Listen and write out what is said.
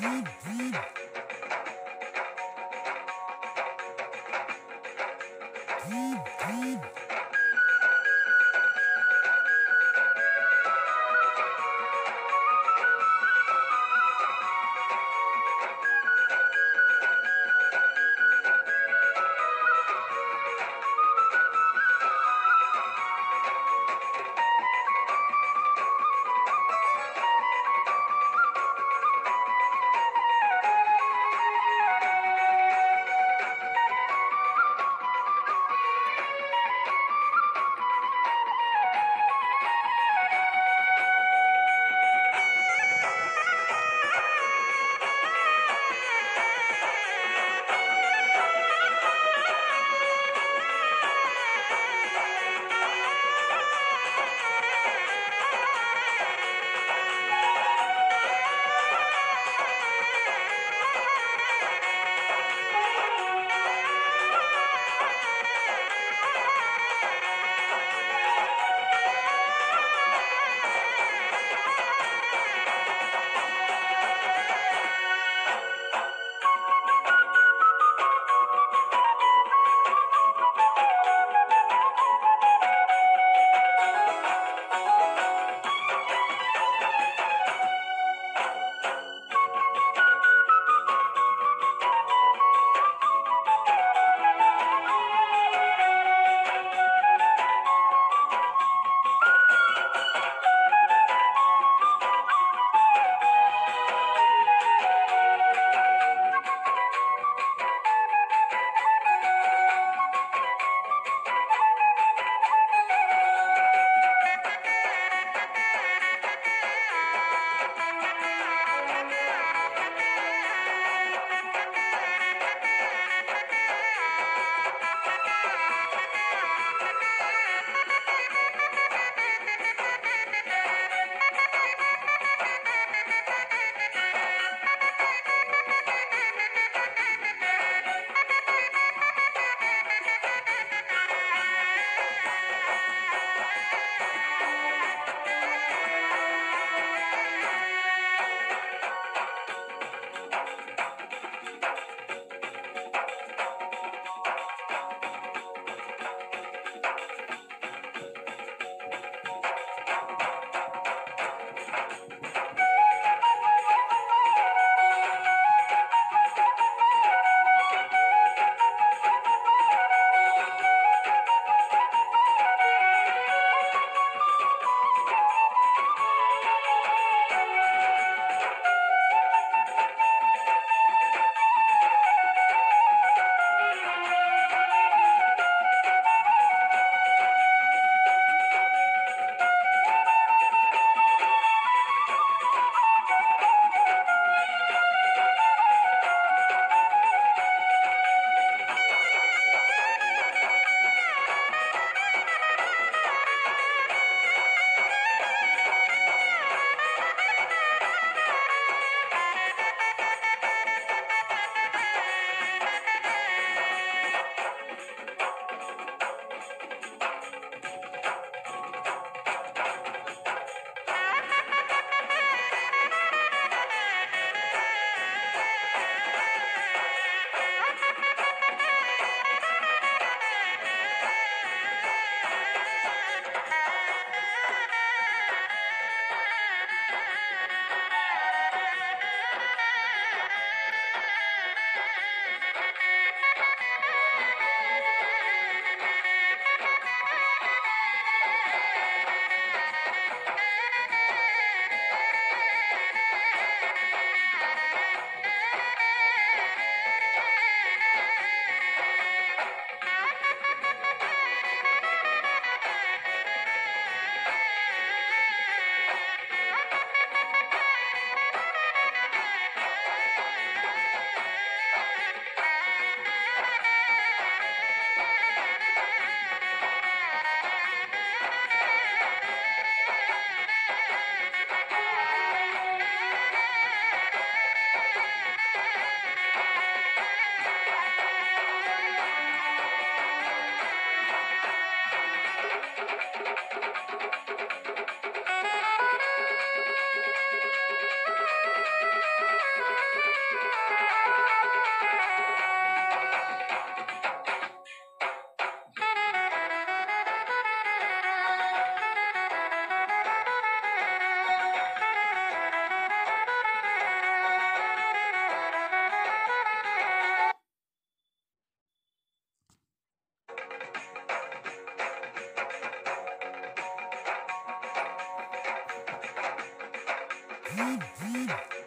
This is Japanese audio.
ジーンジーン